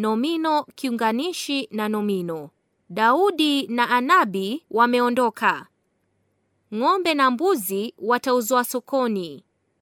nomino kiunganishi na nomino. Daudi na Anabi wameondoka. Ng'ombe na mbuzi watauzwa sokoni.